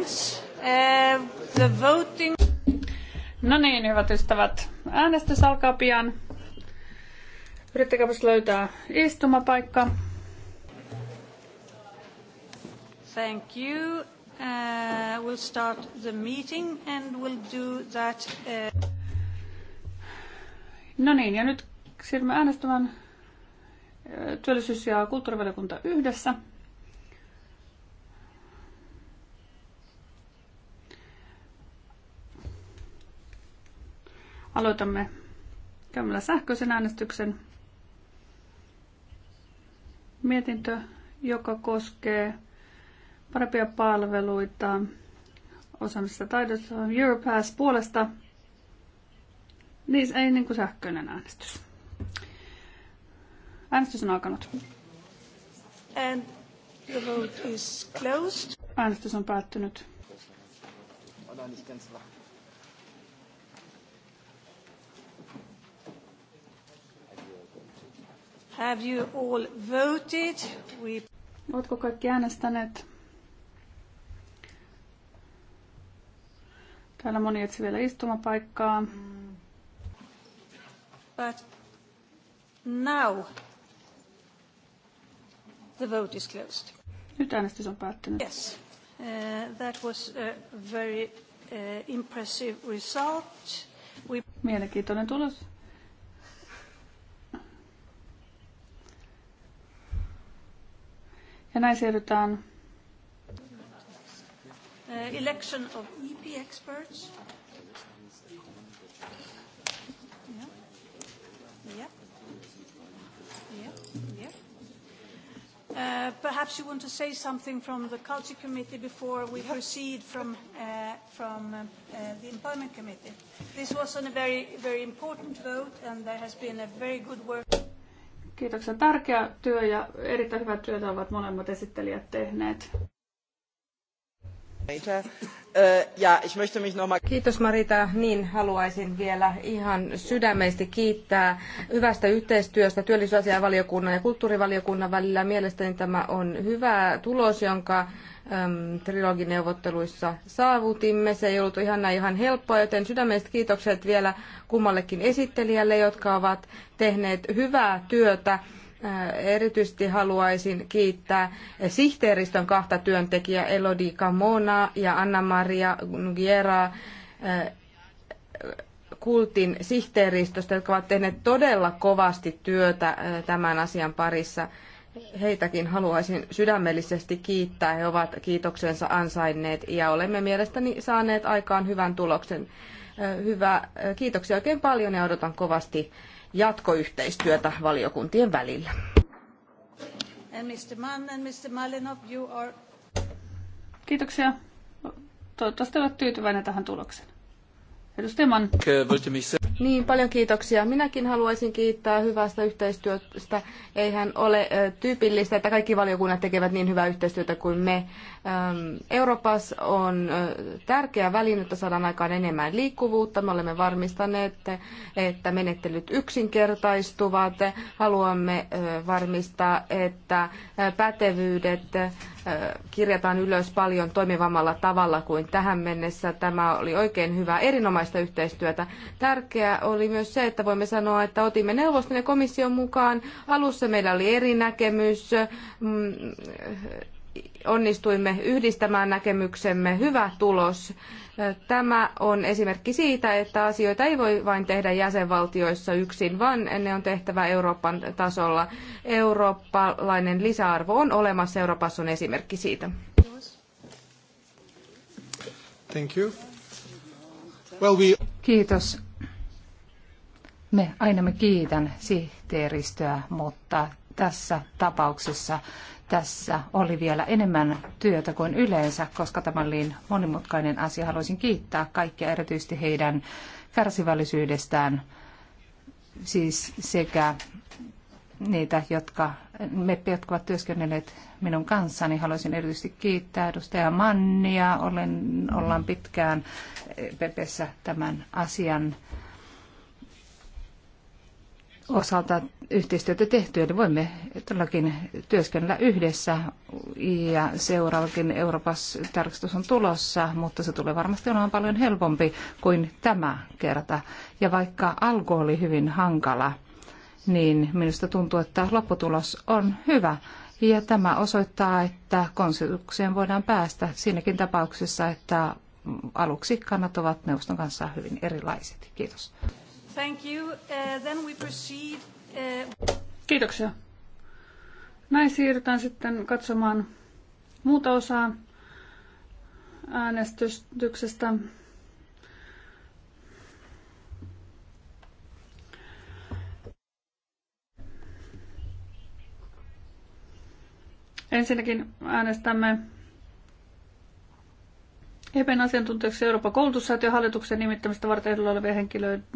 Uh, the voting... No niin, hyvät ystävät. Äänestys alkaa pian. Yrittäkääpäs löytää istumapaikka. Thank you. Uh, we'll start the meeting and we'll do that. Uh... No niin, ja nyt siirrymme äänestämään uh, työllisyys- ja kulttuurivaliokunta yhdessä. Aloitamme käymällä sähköisen äänestyksen. Mietintö, joka koskee parempia palveluita osaamisessa taidossa on Europass puolesta. Niin, ei niin kuin sähköinen äänestys. Äänestys on alkanut. And the vote is closed. Äänestys on päättynyt. Have you all voted? We... Oletko kaikki äänestäneet? Täällä moni etsi vielä istumapaikkaa. But now the vote is closed. Nyt äänestys on päättynyt. Yes. Uh, that was a very uh, impressive result. We... Mielenkiintoinen tulos. näin siirrytään eh, election of EP experts. Yeah. Yeah. Yeah. Yeah. Uh, perhaps you want to say something from the Culture Committee before we proceed from, uh, from uh, the Employment Committee. This was on a very, very important vote, and there has been a very good work. Kiitoksia. Tärkeä työ ja erittäin hyvää työtä ovat molemmat esittelijät tehneet. Äh, Kiitos Marita. Niin haluaisin vielä ihan sydämesti kiittää hyvästä yhteistyöstä työllisyysasiavaliokunnan ja kulttuurivaliokunnan välillä. Mielestäni tämä on hyvä tulos, jonka trilogineuvotteluissa saavutimme. Se ei ollut ihan näin ihan helppoa, joten sydämelliset kiitokset vielä kummallekin esittelijälle, jotka ovat tehneet hyvää työtä Äh, erityisesti haluaisin kiittää sihteeristön kahta työntekijää Elodi Camona ja Anna-Maria Nguera äh, kultin sihteeristöstä, jotka ovat tehneet todella kovasti työtä äh, tämän asian parissa. Heitäkin haluaisin sydämellisesti kiittää. He ovat kiitoksensa ansainneet ja olemme mielestäni saaneet aikaan hyvän tuloksen. Hyvä. Kiitoksia oikein paljon ja odotan kovasti jatkoyhteistyötä valiokuntien välillä. Kiitoksia. Toivottavasti olet tyytyväinen tähän tulokseen. Niin, paljon kiitoksia. Minäkin haluaisin kiittää hyvästä yhteistyöstä. Eihän ole tyypillistä, että kaikki valiokunnat tekevät niin hyvää yhteistyötä kuin me. Euroopassa on tärkeä väline, että saadaan aikaan enemmän liikkuvuutta. Me olemme varmistaneet, että menettelyt yksinkertaistuvat. Haluamme varmistaa, että pätevyydet kirjataan ylös paljon toimivammalla tavalla kuin tähän mennessä. Tämä oli oikein hyvä erinomaista yhteistyötä. Tärkeää oli myös se, että voimme sanoa, että otimme neuvoston ja komission mukaan. Alussa meillä oli eri näkemys mm, onnistuimme yhdistämään näkemyksemme. Hyvä tulos. Tämä on esimerkki siitä, että asioita ei voi vain tehdä jäsenvaltioissa yksin, vaan ne on tehtävä Euroopan tasolla. Eurooppalainen lisäarvo on olemassa. Euroopassa on esimerkki siitä. Thank you. Well, we... Kiitos. Me aina me kiitän sihteeristöä, mutta tässä tapauksessa tässä oli vielä enemmän työtä kuin yleensä, koska tämä oli niin monimutkainen asia. Haluaisin kiittää kaikkia erityisesti heidän kärsivällisyydestään, siis sekä niitä, jotka, me jotka ovat työskennelleet minun kanssani. Haluaisin erityisesti kiittää edustaja Mannia. Olen, ollaan pitkään Pepessä tämän asian osalta yhteistyötä tehty, eli niin voimme todellakin työskennellä yhdessä ja seuraavakin Euroopan tarkastus on tulossa, mutta se tulee varmasti olemaan paljon helpompi kuin tämä kerta. Ja vaikka alku oli hyvin hankala, niin minusta tuntuu, että lopputulos on hyvä. Ja tämä osoittaa, että konsensukseen voidaan päästä siinäkin tapauksessa, että aluksi kannat ovat neuvoston kanssa hyvin erilaiset. Kiitos. Thank you. Uh, then we proceed. Uh, Kiitoksia. Näin siirrytään sitten katsomaan muuta osaa äänestyksestä. Ensinnäkin äänestämme EPn asiantuntijaksi Euroopan koulutussäätiön hallituksen nimittämistä varten edellä olevien henkilöitä